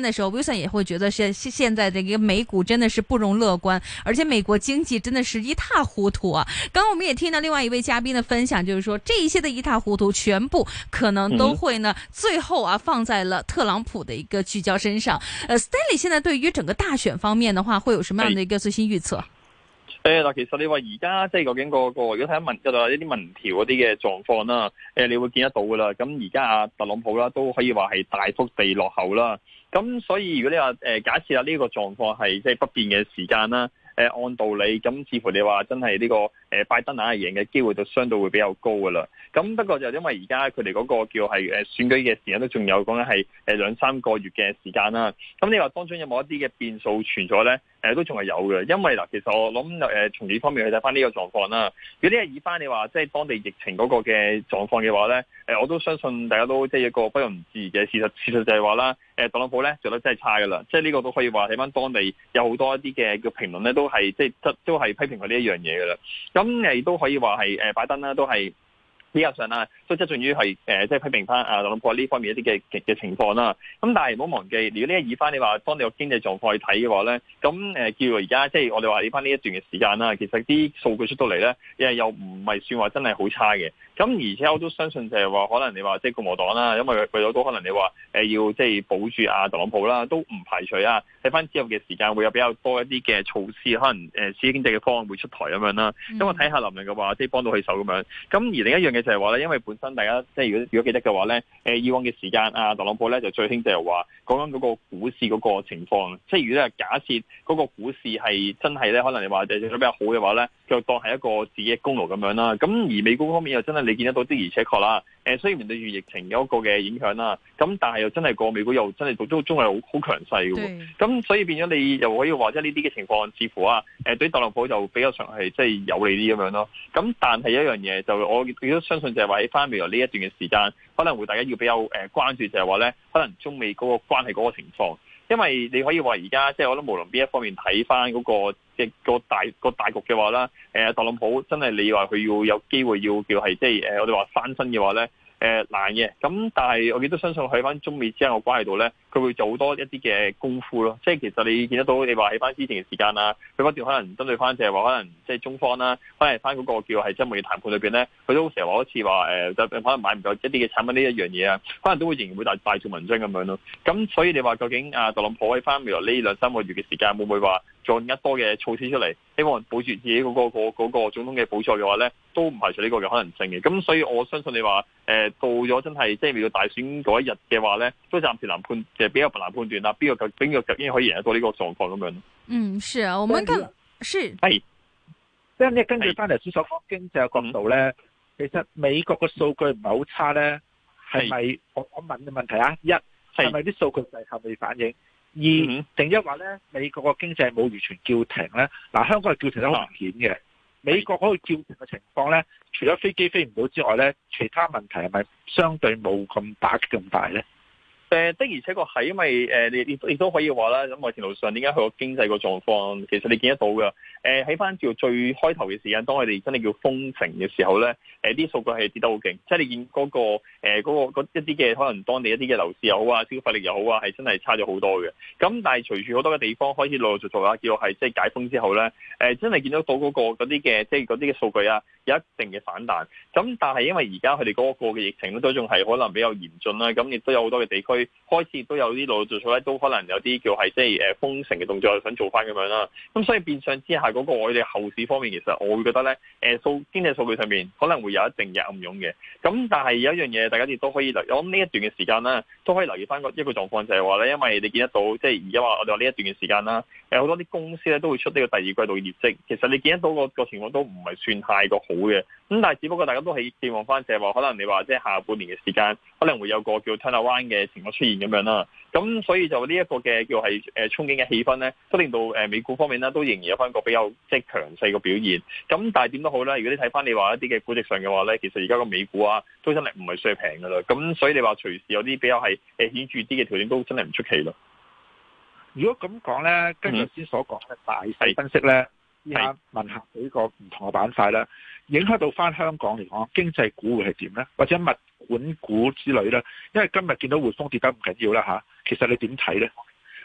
.的時候，Wilson 也會覺得現現在這個美股真的是不容樂觀，而且美國經濟真的是一塌糊塗啊。剛剛我們也聽到另外一位嘉賓的分享，就是說這一些的一塌糊塗，全部可能都會呢最後啊放在了特朗普的一個聚焦身上。嗯、呃 Stanley 現在對於整個大選方面的話，會有什麼樣的一個最新預測？誒，那其實你話而家即係究竟嗰個,個，如果睇下民係話一啲民調嗰啲嘅狀況啦，誒、呃，你會見得到噶啦。咁而家啊，特朗普啦都可以話係大幅地落後啦。咁所以如果你話、呃、假設啊呢個狀況係即係不變嘅時間啦、呃，按道理咁，似乎你話真係呢、呢個。誒拜登硬係贏嘅機會就相對會比較高噶啦。咁不過就因為而家佢哋嗰個叫係誒選舉嘅時間都仲有，講緊係誒兩三個月嘅時間啦。咁你話當中有冇一啲嘅變數存在咧？誒都仲係有嘅，因為嗱，其實我諗、呃、從呢方面去睇翻呢個狀況啦。如果你係以翻你話即係當地疫情嗰個嘅狀況嘅話咧、呃，我都相信大家都即係一個不容置疑嘅事實。事實就係話啦，誒、呃、特朗普咧做得真係差噶啦。即係呢個都可以話睇翻當地有好多一啲嘅叫評論咧，都係即係都係係批評佢呢一樣嘢噶啦。咁你都可以話係誒拜登啦，都係比較上啦、啊，都側重於係即係、呃、批評翻啊特朗普呢方面一啲嘅嘅情況啦。咁但係唔好忘記，如果一你一以翻你話當你有經濟狀況去睇嘅話咧，咁誒、呃、叫而家即係我哋話以翻呢一段嘅時間啦，其實啲數據出到嚟咧，又唔係算話真係好差嘅。咁而且我都相信就係話，可能你話即係共和黨啦，因為為咗都可能你話要即係保住阿特朗普啦，都唔排除啊，睇翻之後嘅時間會有比較多一啲嘅措施，可能市刺激經濟嘅方案會出台咁樣啦。咁、嗯、我睇下林明嘅話，即係幫到佢手咁樣。咁而另一樣嘢就係話咧，因為本身大家即係如果如果記得嘅話咧，誒以往嘅時間阿特朗普咧就最興就係話講緊嗰個股市嗰個情況，即係如果係假設嗰個股市係真係咧，可能你話就比較好嘅話咧，就當係一個自己嘅功勞咁樣啦。咁而美股方面又真係。你見得到的，而且確啦。誒，雖然面對住疫情有一個嘅影響啦，咁但係又真係個美股又真係都仲係好好強勢嘅喎。咁所以變咗你又可以話，即係呢啲嘅情況，似乎啊，誒對特朗普就比較常係即係有利啲咁樣咯。咁但係一樣嘢就我亦都相信就係話喺返未來呢一段嘅時間，可能會大家要比較誒關注，就係話咧，可能中美嗰個關係嗰個情況。因為你可以話而家即係我諗，無論邊一方面睇翻嗰個即係、個、大、個大局嘅話啦、呃，特朗普真係你話佢要有機會要叫係即係誒，我哋話翻身嘅話咧，誒、呃、難嘅。咁但係我亦都相信喺翻中美之間個關係度咧。佢會做好多一啲嘅功夫咯，即係其實你見得到，你話起翻之前嘅時間啊，佢不斷可能針對翻，就係話可能即係中方啦，可能翻嗰個叫係真末嘅談判裏邊咧，佢都成日話好似話誒，就、呃、可能買唔到一啲嘅產品呢一樣嘢啊，可能都會仍然會大大做文章咁樣咯。咁所以你話究竟啊，特朗普喺翻未來呢兩三個月嘅時間，會唔會話做更加多嘅措施出嚟，希望保住自己嗰、嗰個、嗰個嗰、嗰個總統嘅寶座嘅話咧，都唔排除呢個嘅可能性嘅。咁所以我相信你話誒、呃，到咗真係即係未到大選嗰一日嘅話咧，都暫時難判。就比較困難判斷啦，邊個究邊個就應可以贏得到呢個狀況咁樣。嗯，是啊，我們看是係，即係你根據翻嚟所講經濟角度咧，其實美國嘅數據唔係好差咧，係咪？我我問嘅問題啊，一係咪啲數據滯後未反應，二，定一話咧，美國嘅經濟冇完全叫停咧，嗱，香港係叫停得好明顯嘅、啊，美國嗰個叫停嘅情況咧，除咗飛機飛唔到之外咧，其他問題係咪相對冇咁打擊咁大咧？誒、呃、的而且確係，因為誒、呃、你你亦都，都可以話啦。咁、呃、我前路上點解佢個經濟個狀況其實你見得到噶。誒喺翻照最開頭嘅時間，當佢哋真係叫封城嘅時候咧，誒、呃、啲數據係跌得好勁，即、就、係、是、你見嗰、那個誒嗰、呃那個一啲嘅可能當地一啲嘅樓市又好啊，消費力又好啊，係真係差咗好多嘅。咁但係隨住好多嘅地方開始陸陸續續啊，叫係即係解封之後咧，誒、呃、真係見得到嗰、那個嗰啲嘅即係嗰啲嘅數據啊。有一定嘅反彈，咁但係因為而家佢哋嗰個嘅疫情都仲係可能比較嚴峻啦，咁亦都有好多嘅地區開始都有啲陸陸續續咧，都可能有啲叫係即係誒封城嘅動作想做翻咁樣啦。咁所以變相之下嗰個我哋後市方面，其實我會覺得咧，誒數經濟數據上面可能會有一定嘅暗湧嘅。咁但係有一樣嘢，大家亦都可以留，我諗呢一段嘅時間啦，都可以留意翻個一個狀況就係話咧，因為你見得到即係而家話我哋話呢一段嘅時間啦，有好多啲公司咧都會出呢個第二季度嘅業績，其實你見得到個個情況都唔係算太過好。會、嗯、嘅，咁但係只不過大家都係展望翻，就係話可能你話即係下半年嘅時間，可能會有個叫 turnaround 嘅情況出現咁樣啦。咁所以就呢一個嘅叫係誒、呃、憧憬嘅氣氛咧，都令到誒、呃、美股方面咧都仍然有翻個比較即係強勢嘅表現。咁但係點都好啦，如果你睇翻你話一啲嘅估值上嘅話咧，其實而家個美股啊，都真係唔係算係平噶啦。咁所以你話隨時有啲比較係誒顯著啲嘅條件，都真係唔出奇咯。如果咁講咧，跟頭先所講嘅大勢分析咧。睇下問下幾個唔同嘅板塊啦，影響到翻香港嚟講，經濟股會係點咧？或者物管股之類咧？因為今日見到匯豐跌得唔緊要啦嚇。其實你點睇咧？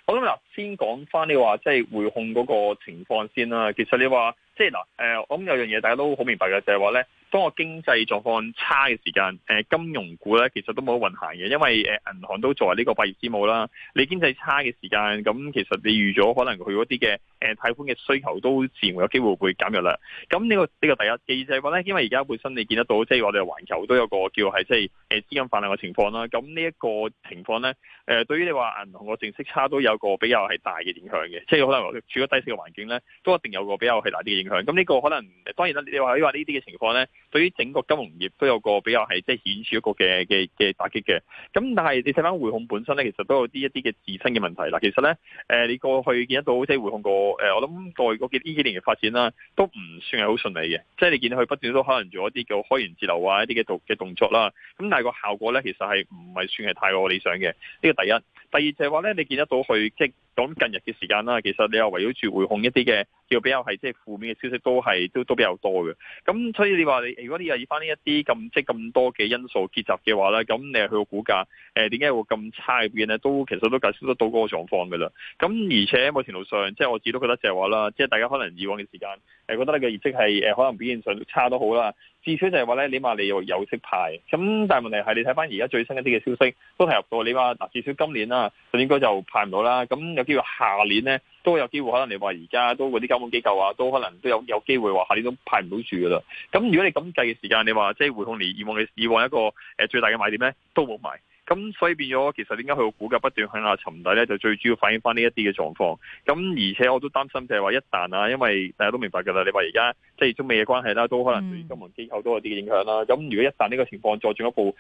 我諗嗱，先講翻你話即係匯控嗰個情況先啦。其實你話即係嗱，誒、就是，我、呃、諗有樣嘢大家都好明白嘅，就係話咧。當個經濟狀況差嘅時間、呃，金融股咧其實都冇得運行嘅，因為誒銀、呃、行都作為呢個百業之母啦。你經濟差嘅時間，咁其實你預咗可能佢嗰啲嘅誒貸款嘅需求都自然會有機會會減弱啦。咁呢、這個呢、這個第一，第二就係咧，因為而家本身你見得到，即係我哋環球都有個叫係即係誒資金泛濫嘅情況啦。咁呢一個情況咧、呃，對於你話銀行個淨息差都有個比較係大嘅影響嘅，即係可能處咗低息嘅環境咧，都一定有一個比較係大啲嘅影響。咁呢個可能當然啦，你話你話呢啲嘅情況咧。對於整個金融業都有個比較係即係顯著一個嘅嘅嘅打擊嘅，咁但係你睇翻匯控本身咧，其實都有啲一啲嘅自身嘅問題啦。其實咧，誒你過去見得到即係匯控個誒，我諗過去幾呢幾年嘅發展啦，都唔算係好順利嘅，即係你見到佢不斷都可能做一啲叫開源節流啊一啲嘅動嘅動作啦。咁但係個效果咧，其實係唔係算係太過理想嘅。呢個第一，第二就係話咧，你見得到佢即係。咁近日嘅時間啦，其實你又圍繞住匯控一啲嘅叫比較係即係負面嘅消息都係都都比較多嘅。咁所以你話你，如果你又以翻呢一啲咁即係咁多嘅因素結集嘅話咧，咁你去個股價誒點解會咁差入邊咧？都其實都解釋得到嗰個狀況㗎啦。咁而且某程度上即係我自己都覺得就係話啦，即係大家可能以往嘅時間誒覺得你嘅業績係可能表現上都差都好啦。至少就係話咧，起碼你又有息派咁，但係問題係你睇翻而家最新一啲嘅消息都提及到，你話嗱至少今年啦，就應該就派唔到啦。咁只下年呢都有機會，可能你話而家都嗰啲監管機構啊，都可能都有有機會話下年都派唔到住噶啦。咁如果你咁計嘅時間，你話即係匯控，你以往嘅以往一個誒、呃、最大嘅買點呢，都冇買。咁所以變咗，其實點解佢個股價不斷向下沉底咧？就最主要反映翻呢一啲嘅狀況。咁而且我都擔心就係話，一旦啊，因為大家都明白㗎喇，你話而家即係中美嘅關係啦，都可能對金融機構都有啲嘅影響啦、啊。咁、嗯、如果一旦呢個情況再進一步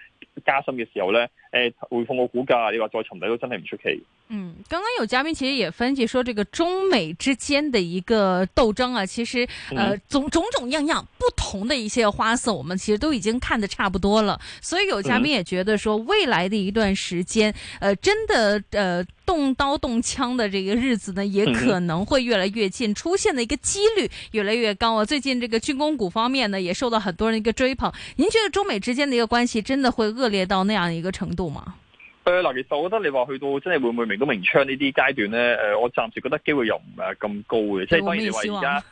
加深嘅時候咧，誒匯控個股價你話再沉底都真係唔出奇。嗯，剛剛有嘉賓其實也分析說，這個中美之間的一個鬥爭啊，其實呃、嗯、種種種樣樣不同的一些花色，我們其實都已經看得差不多了。所以有嘉賓也覺得說，未來的一段時間，呃，真的，呃，動刀動槍的這個日子呢，也可能會越來越近，出現的一個幾率越來越高啊。最近這個軍工股方面呢，也受到很多人一個追捧。您覺得中美之間的一個關係真的會惡劣到那樣一個程度嗎？呃，其實我覺得你話去到真係會唔會明刀明槍呢啲階段咧，誒，我暫時覺得機會又唔係咁高嘅，即係當然話而家。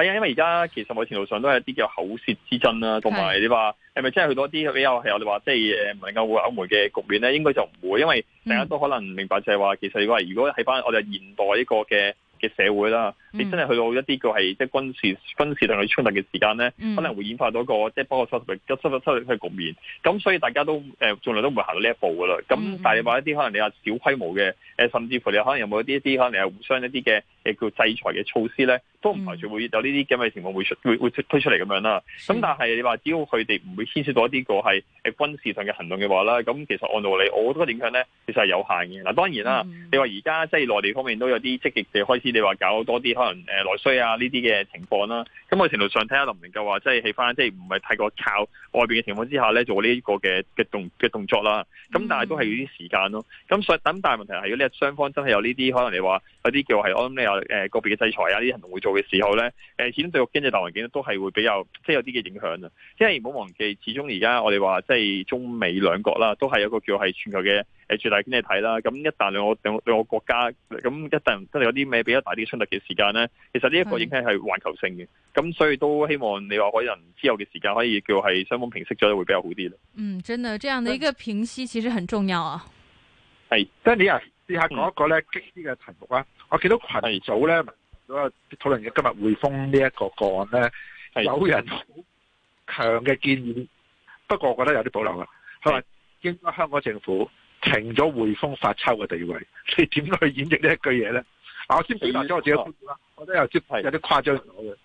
係啊，因為而家其實某程度上都係一啲叫口舌之爭啦，同埋你話係咪真係去到一啲比較係我哋話即係唔能夠會歐眉嘅局面咧，應該就唔會，因為大家都可能明白就係話、嗯，其實你話如果喺翻我哋現代呢個嘅嘅社會啦，嗯、你真係去到一啲叫係即係軍事軍事上嘅衝突嘅時間咧、嗯，可能會演化到一個即係、就是、包括收同埋收收收嘅局面。咁所以大家都誒，盡、呃、量都唔會行到呢一步噶啦。咁、嗯嗯、但係你話一啲可能你話小規模嘅誒、呃，甚至乎你可能有冇一啲一啲可能係互相一啲嘅。叫制裁嘅措施咧，都唔排除會有呢啲咁嘅情況會出、嗯、會推出嚟咁樣啦。咁但係你話只要佢哋唔會牽涉到一啲個係誒軍事上嘅行動嘅話啦，咁其實按道理，我覺得影響咧其實係有限嘅。嗱，當然啦，嗯、你話而家即係內地方面都有啲積極地開始，你話搞多啲可能誒內需啊呢啲嘅情況啦。咁我程度上睇下能唔能夠話即係起翻，即係唔係太過靠外邊嘅情況之下咧做呢個嘅嘅動嘅動作啦。咁、嗯、但係都係要啲時間咯。咁所以等大問題係如果咧雙方真係有呢啲可能你話有啲叫係誒、啊，個別嘅制裁啊，呢啲行動會做嘅時候咧，誒，始終對個經濟大環境都係會比較，即係有啲嘅影響啊。因為唔好忘記，始終而家我哋話即係中美兩國啦，都係有個叫係全球嘅誒最大經濟體啦。咁一旦兩個兩兩個國家咁一旦真係有啲咩比較大啲嘅衝突嘅時間咧，其實呢一個影響係環球性嘅。咁所以都希望你話可能之後嘅時間可以叫係雙方平息咗，會比較好啲咯。嗯，真的，這樣的一個平息其實很重要啊。係、嗯，得、嗯、你試試講講、這個、啊，試下講一個咧激啲嘅題目啦。我見到羣組咧，咁啊討論今日匯豐呢一個個案咧，有人好強嘅建議，不過我覺得有啲保留啊。佢話應該香港政府停咗匯豐發鈔嘅地位，你點去演繹呢一句嘢咧？嗱，我先評價咗我自己嘅觀點啦，我覺得有啲誇張咗嘅、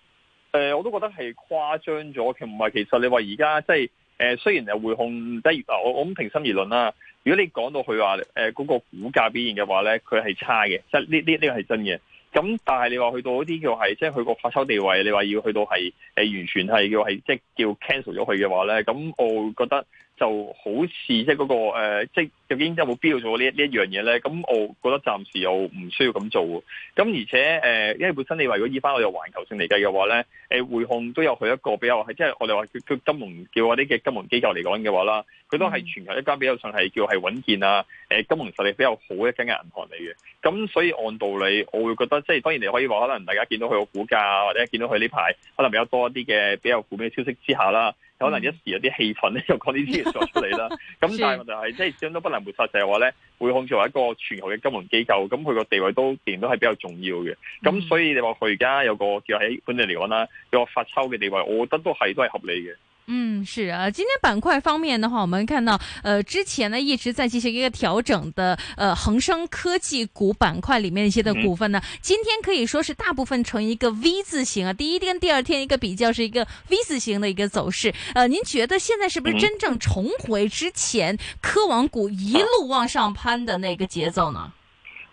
呃。我都覺得係誇張咗，其實唔係。其實你話而家即係。就是誒雖然又會控，例如啊，我我咁平心而論啦，如果你講到佢話誒嗰個股價表現嘅話咧，佢係差嘅，即係呢呢呢個係真嘅。咁但係你話去到嗰啲叫係即係佢個發收地位，你話要去到係誒完全係叫係即係叫 cancel 咗佢嘅話咧，咁我覺得。就好似即係嗰個即係究竟有冇必要做呢呢一樣嘢咧？咁我覺得暫時又唔需要咁做。咁而且誒、呃，因為本身你話如果依翻我哋環球性嚟計嘅話咧，誒、呃、匯控都有佢一個比較係，即係我哋話佢佢金融叫我啲嘅金融機構嚟講嘅話啦，佢都係全球一間比較上係叫係穩健啊、呃，金融實力比較好一間嘅銀行嚟嘅。咁所以按道理，我會覺得即係當然你可以話，可能大家見到佢個股價或者見到佢呢排可能比較多一啲嘅比較負面嘅消息之下啦。嗯、可能一時有啲氣氛咧， 就講呢啲嘢做出嚟啦。咁但係問題係，即係始終都不能抹殺，就係話咧，會控制為一個全球嘅金融機構，咁佢個地位都仍然都係比較重要嘅。咁所以你話佢而家有個叫喺、就是、本地嚟講啦，有個發鈔嘅地位，我覺得都係都係合理嘅。嗯，是啊，今天板塊方面的話，我們看到，呃，之前呢一直在進行一個調整的，呃，恒生科技股板塊裏面一些的股份呢，嗯，今天可以說是大部分呈一個 V 字型啊，第一天，第二天一個比較是一個 V 字型的一個走勢。呃，您覺得現在是不是真正重回之前、嗯、科網股一路往上攀的那個節奏呢？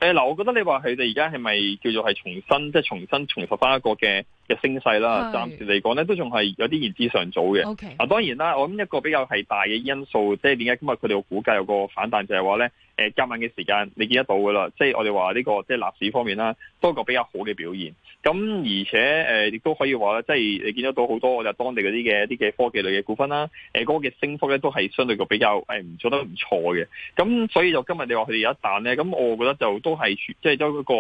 誒、啊，那、呃、我覺得你話佢哋而家係咪叫做係重新，即、就、係、是、重新重拾翻一個嘅升勢啦，暫時嚟講咧都仲係有啲言之尚早嘅。嗱、okay.，當然啦，我諗一個比較係大嘅因素，即係點解今日佢哋會估計有一個反彈，就係話咧，誒，今晚嘅時間你見得到噶啦。即係我哋話呢個即係納市方面啦，都係個比較好嘅表現。咁而且誒，亦，呃，都可以話咧，即係你見得到好多我哋當地嗰啲嘅一啲嘅科技類嘅股份啦。誒，呃，嗰個嘅升幅咧都係相對個比較唔，Mm. 做得唔錯嘅。咁所以就今日你話佢哋有一彈咧，咁我覺得就都係即係都一個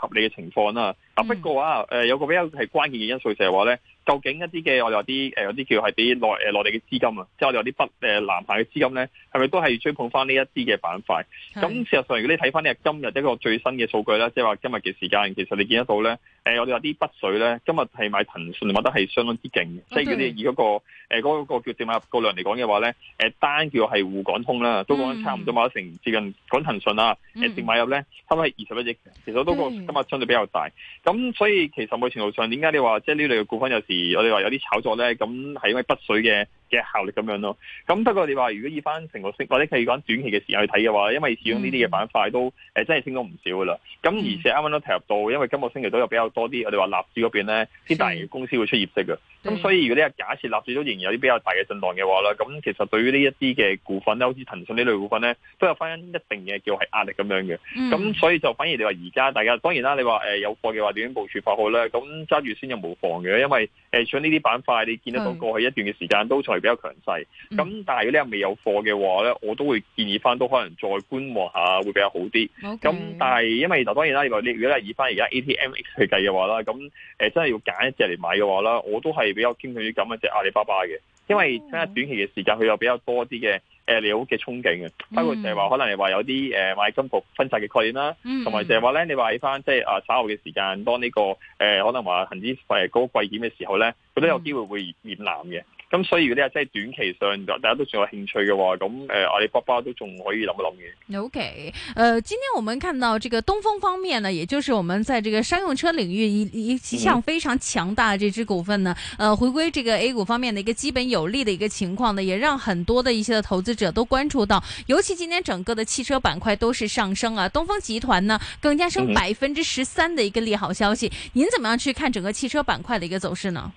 合理嘅情況啦。Mm. 啊，不過啊，誒，呃，有個比較係關鍵。因素成日話咧。究竟一啲嘅我哋有啲誒有啲叫係啲內誒內地嘅資金啊，即係我哋有啲北誒、呃、南下嘅資金咧，係咪都係追捧翻呢一啲嘅板塊？咁事實上如果你睇翻呢今日一個最新嘅數據啦，即係話今日嘅時間，其實你見得到咧，誒、呃、我哋有啲北水咧，今日係買騰訊買得係相當之勁，即係嗰啲以嗰、嗰個誒嗰、呃嗰個叫淨買入個量嚟講嘅話咧，誒、呃、單叫係滬港通啦，都講差唔多買咗成、mm -hmm. 接近港騰訊啦，誒、mm、淨 -hmm. 買入咧差唔多二十一億，其實都個、mm -hmm. 今日相對比較大。咁所以其實某程度上點解你話即係呢類嘅股份有時，而我哋話有啲炒作咧，咁係因為北水嘅。嘅效力咁樣咯，咁不過你話如果依翻成個星，或者係講短期嘅時間去睇嘅話，因為始終呢啲嘅板塊都誒、嗯啊、真係升咗唔少噶啦。咁、嗯、而且啱啱都提及到，因為今個星期都有比較多啲我哋話納指嗰邊咧，啲大型公司會出業績嘅。咁、嗯、所以如果呢個假設納指都仍然有啲比較大嘅震盪嘅話咧，咁其實對於呢一啲嘅股份咧，好似騰訊呢類股份咧，都有翻一定嘅叫係壓力咁樣嘅。咁、嗯、所以就反而你話而家大家當然啦，你、呃、話誒有貨嘅話點樣部署法好咧？咁揸住先就無妨嘅，因為誒除呢啲板塊，你見得到過去一段嘅時間都比較強勢，咁但係如果呢係未有貨嘅話咧，我都會建議翻都可能再觀望下，會比較好啲。咁但係因為就當然啦，如果你如果係以翻而家 A T M X 去計嘅話啦，咁誒、呃、真係要揀一隻嚟買嘅話啦，我都係比較傾向於咁一隻阿里巴巴嘅，因為睇下短期嘅時間佢有比較多啲嘅誒料嘅憧憬嘅，包括就係話可能係話有啲誒、呃、買金服分拆嘅概念啦，同埋就係話咧你話喺翻即係啊稍後嘅時間當呢、呢個誒、呃、可能話恆指誒嗰個季檢嘅時候咧，佢都有機會會染藍嘅。咁所以嗰啲啊，即係短期上，大家都仲有興趣嘅話，咁誒，阿里巴巴都仲可以諗一諗嘅。Okay，呃，今天我們看到這個東風方面呢，也就是我們在這個商用車領域一一向非常強大嘅這支股份呢，嗯、呃回歸這個 A 股方面嘅一個基本有利嘅一個情況呢，也讓很多的一些的投資者都關注到，尤其今年整個的汽車板塊都是上升啊，東風集團呢更加升百分之十三嘅一個利好消息，您、嗯、怎麼樣去看整個汽車板塊嘅一個走勢呢？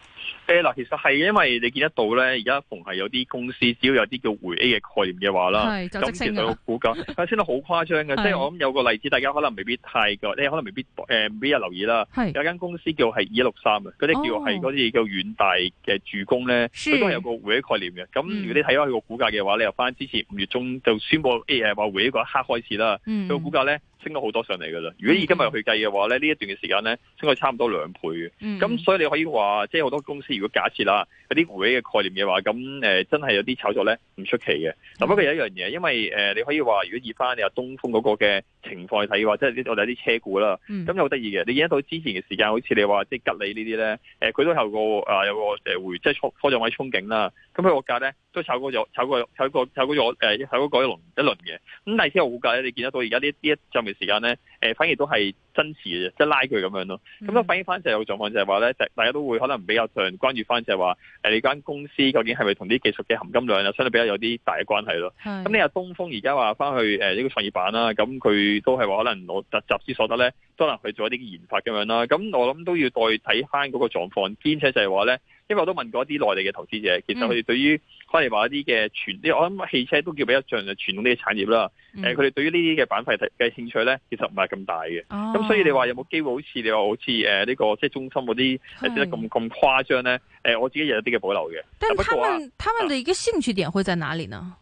誒，嗱，其實係，因為你見得到咧，而家逢係有啲公司，只要有啲叫回 A 嘅概念嘅話啦，咁見到個股價，但係升得好誇張嘅。即係我諗有個例子，大家可能未必太過，你可能未必誒每日留意啦。有間公司叫係二一六三啊，嗰、哦、啲叫係嗰啲叫遠大嘅住工咧，佢都係有個回 A 概念嘅。咁如果你睇翻佢個股價嘅話、嗯、你又翻之前五月中就宣布誒，話、欸、回 A 嗰一刻開始啦，佢個股價咧，升咗好多上嚟噶啦！如果以今日去計嘅話咧，呢、mm -hmm. 一段嘅時間咧，升咗差唔多兩倍嘅。咁、mm -hmm. 所以你可以話，即係好多公司，如果假設啦。嗰啲回憶嘅概念嘅話，咁誒、呃、真係有啲炒作咧，唔出奇嘅。嗱、嗯，不過有一樣嘢，因為誒、呃、你可以話，如果以翻你話東風嗰個嘅情況睇，或即係啲我哋啲車股啦，咁又好得意嘅。你見得到之前嘅時間，好似你話即係吉利呢啲咧，誒、呃、佢都有個誒、呃、有個誒會，即係初初上位憧憬啦。咁佢個價咧都炒過咗，炒過炒過炒過咗誒，炒過嗰、呃、一輪一輪嘅。咁但係先我估價咧，你見得到而家呢啲一陣嘅時間咧。誒、呃、反而都係增持嘅啫，即係拉佢咁樣咯。咁、嗯、都反映翻就係個狀況，就係話咧，就大家都會可能比較上關注翻就係話、呃，你間公司究竟係咪同啲技術嘅含金量又相對比較有啲大嘅關係咯。咁呢日東風而家話翻去呢個、呃、創業板啦，咁、啊、佢都係話可能攞集資所得咧，都能去做一啲研發咁樣啦。咁、啊嗯、我諗都要再睇翻嗰個狀況，兼且就係話咧。因為我都問過一啲內地嘅投資者，其實佢哋對於，可能話一啲嘅傳，即我諗汽車都叫比較像係傳統啲嘅產業啦。誒、呃，嗯、佢哋對於呢啲嘅板塊嘅興趣咧，其實唔係咁大嘅。咁所以你話有冇機會好似你話好似誒呢個即係中心嗰啲誒跌得咁咁誇張咧？誒，我自己有一啲嘅保留嘅。但係佢們，But、他們嘅一個興趣點會在哪裡呢？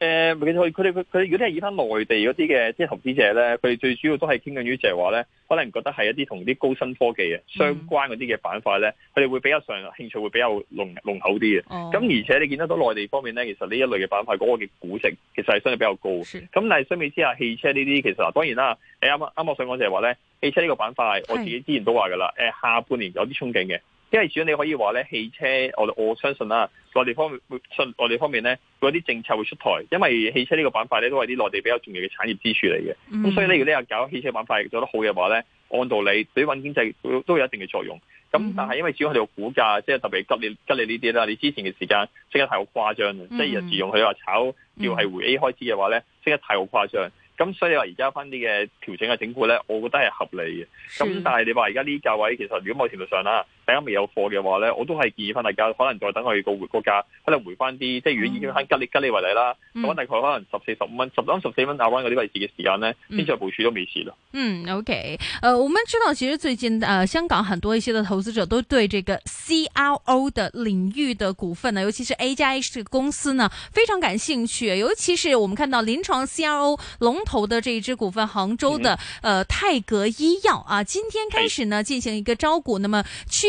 誒、呃，佢哋佢佢如果係以翻內地嗰啲嘅即係投資者咧，佢哋最主要都係傾向於就係話咧，可能覺得係一啲同啲高新科技嘅相關嗰啲嘅板塊咧，佢、嗯、哋會比較上興趣會比較濃濃厚啲嘅。咁、哦、而且你見得到內地方面咧，其實呢一類嘅板塊嗰個嘅估值其實係相對比較高。咁但係相比之下，汽車呢啲其實當然啦，誒啱啱我想講就係話咧，汽車呢個板塊，我自己之前都話噶啦，誒下半年有啲憧憬嘅，因為主要你可以話咧，汽車我我相信啦。內地方,方面呢，出，內地方面咧嗰啲政策會出台，因為汽車呢個板塊咧都係啲內地比較重要嘅產業支柱嚟嘅。咁、mm -hmm. 所以咧，如果呢日搞汽車板塊做得好嘅話咧，按道理對於穩經濟都有一定嘅作用。咁但係因為主要佢哋個股價，即係特別吉利吉利呢啲啦，你之前嘅時間升得太過誇張張、mm -hmm. 即係人自用佢話炒要係回 A 開始嘅話咧，升得太過誇張。咁所以話而家翻啲嘅調整嘅整固咧，我覺得係合理嘅。咁但係你話而家呢個價位其實，如果冇程度上啦。大家未有貨嘅話呢，我都係建議翻大家，可能再等佢個回嗰價，可能回翻啲。即係如果已以翻吉利吉利為例啦，咁、嗯、大概可能十四十五蚊，十三十四蚊壓彎嗰啲位置嘅時間咧，先至部署都未遲咯。嗯，OK，誒、呃，我們知道其實最近誒、呃、香港很多一些嘅投資者都對這個 CRO 的領域的股份呢，尤其是 A 加 H 公司呢，非常感興趣。尤其是我們看到臨床 CRO 龍頭的這一支股份，杭州的誒、嗯呃、泰格醫藥啊，今天開始呢、嗯、進行一個招股。那麼區。.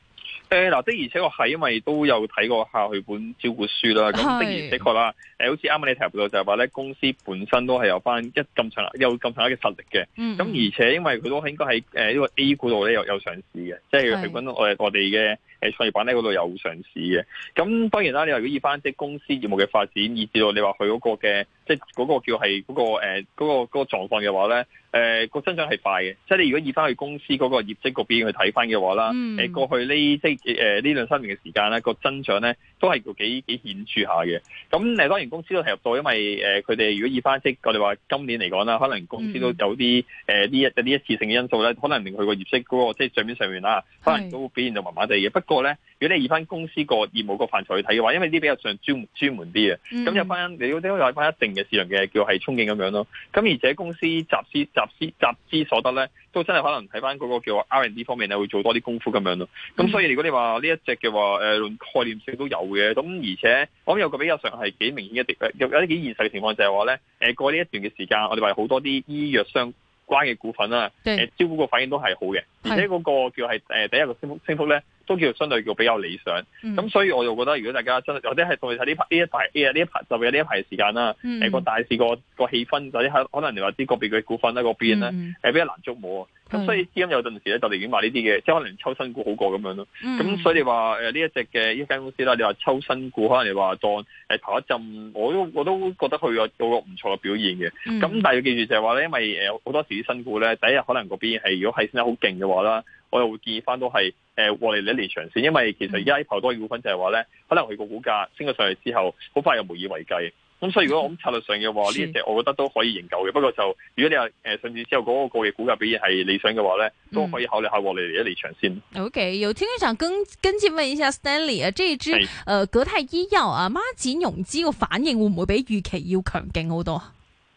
誒，嗱，的而且我係因為都有睇過下佢本招股書啦，咁的而的確啦。誒，好似啱啱你提到就係話咧，公司本身都係有翻一咁強有咁強嘅實力嘅。咁、嗯嗯、而且因為佢都應該喺誒呢個 A 股度咧有有上市嘅，即係喺嗰我我哋嘅誒創業板咧嗰度有上市嘅。咁當然啦，你話如果依翻即係公司業務嘅發展，以至到你話佢嗰個嘅即係嗰個叫係嗰、嗰個誒嗰、呃嗰個嗰、嗰個、狀況嘅話咧。誒、呃嗰個增長係快嘅，即係你如果以返去公司嗰個業績嗰邊去睇返嘅話啦，誒、嗯呃、過去呢即係呢、呃、兩三年嘅時間咧、嗰個增長咧。都係幾幾顯著下嘅，咁誒當然公司都提入到，因為誒佢哋如果以翻即我哋話今年嚟講啦，可能公司都有啲誒呢一、嗯呃、一次性嘅因素咧，可能令佢個業績嗰、那個即、就是、帳面上面啦，可能都會表現到麻麻地嘅。不過咧，如果你以翻公司個業務個範疇去睇嘅話，因為啲比較上專門專門啲嘅，咁、嗯、有翻、嗯、你都都有翻一,一定嘅市場嘅叫係憧憬咁樣咯。咁而且公司集資集資集資所得咧，都真係可能睇翻嗰個叫 R&D 方面咧，會做多啲功夫咁樣咯。咁所以如果你話呢一隻嘅話、呃、概念性都有。嘅，咁而且我有個比較上係幾明顯嘅跌，有有啲幾現實嘅情況就係話咧，誒過呢一段嘅時間，我哋話好多啲醫藥相關嘅股份啦，誒招股個反應都係好嘅，而且嗰個叫係誒第一個升幅升幅咧。都叫相對叫比較理想，咁、嗯、所以我又覺得，如果大家真，或者係我哋睇呢排呢一排，呢一,一排就有呢一排時間啦，誒、嗯、個、呃、大市個個氣氛，或者可能你話知個別嘅股份喺嗰邊咧誒、嗯、比較難捉摸，咁、嗯、所以資金有陣時咧就寧願買呢啲嘅，即係可能抽新股好過咁樣咯。咁、嗯、所以你話誒呢一隻嘅一間公司啦，你話抽新股可能你話當誒頭、呃、一陣，我都我都覺得佢有做個唔錯嘅表現嘅。咁、嗯、但係要記住就係話咧，因為誒好、呃、多時啲新股咧，第一日可能嗰邊係如果係升得好勁嘅話啦。我又會建議翻都係，誒獲利離場先，因為其實而家啲多嘅股份就係話咧，可能佢個股價升咗上去之後，好快又無以為繼。咁所以如果我策略上嘅話，呢、嗯、隻我覺得都可以研究嘅。不過就如果你話，誒上市之後嗰個嘅股價表現係理想嘅話咧，都可以考慮下獲利離場先。好嘅，okay，有聽眾想跟跟進問一下 Stanley 啊，這支誒格、呃、泰醫藥啊孖展融資個反應會唔會比預期要強勁好多？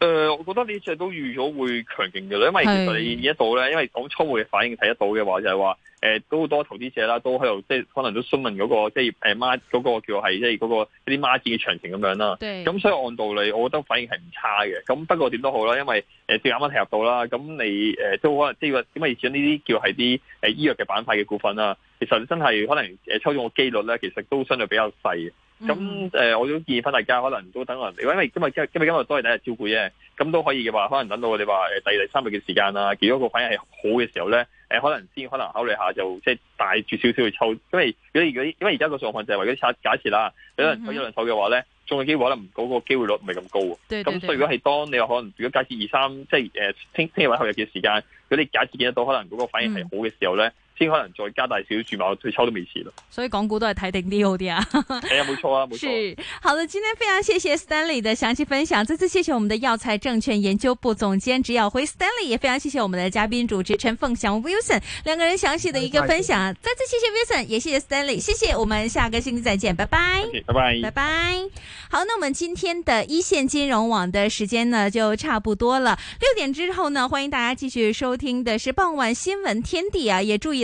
誒、呃，我覺得呢隻都預咗會強勁嘅啦，因為其實你見得到咧，因為好初步嘅反應睇得到嘅話，就係話誒都好多投資者啦，都喺度即係可能都詢問嗰、那個即係誒孖嗰個叫係即係嗰個一啲孖展嘅詳情咁樣啦。咁所以按道理，我覺得反應係唔差嘅。咁不過點都好啦，因為誒啱啱提到啦。咁你誒、呃、都可能即係話點解以前呢啲叫係啲誒醫藥嘅板塊嘅股份啦，其實你真係可能誒抽中嘅機率咧，其實都相對比較細。咁、嗯、誒、呃，我都建議翻大家，可能都等落嚟，因為今日今日今日今日都係第一日照顧啫，咁都可以嘅話，可能等到我哋話第二、第三日嘅時間啦。如果個反應係好嘅時候咧，誒，可能先可能考慮下就即係帶住少少去抽，因為,因為、就是、嗯嗯如果如果因為而家個狀況就係為咗測假設啦，有人抽兩兩手嘅話咧，中嘅機會可能嗰、那個機會率唔係咁高。咁所以如果係當你話可能如果假設二三即係誒聽聽日或者後日嘅時間，如果你假設見得到可能嗰個反應係好嘅時候咧。嗯先可能再加大少少注碼，退抽都未遲，所以港股都係睇定啲好啲啊！係、 哎、啊，冇錯啊，冇錯。好的，今天非常謝謝 Stanley 的詳細分享，再次謝謝我們的耀才證券研究部總監植耀輝 Stanley，也非常謝謝我們的嘉賓主持陳鳳翔、Wilson，兩個人詳細的一個分享，再次，再次謝謝 Wilson，也謝謝 Stanley，謝謝我們下個星期再見，拜拜謝謝，拜拜，拜拜。好，那我們今天的一線金融網的時間呢就差不多了，六點之後呢，歡迎大家繼續收聽的是傍晚新聞天地啊，也注意。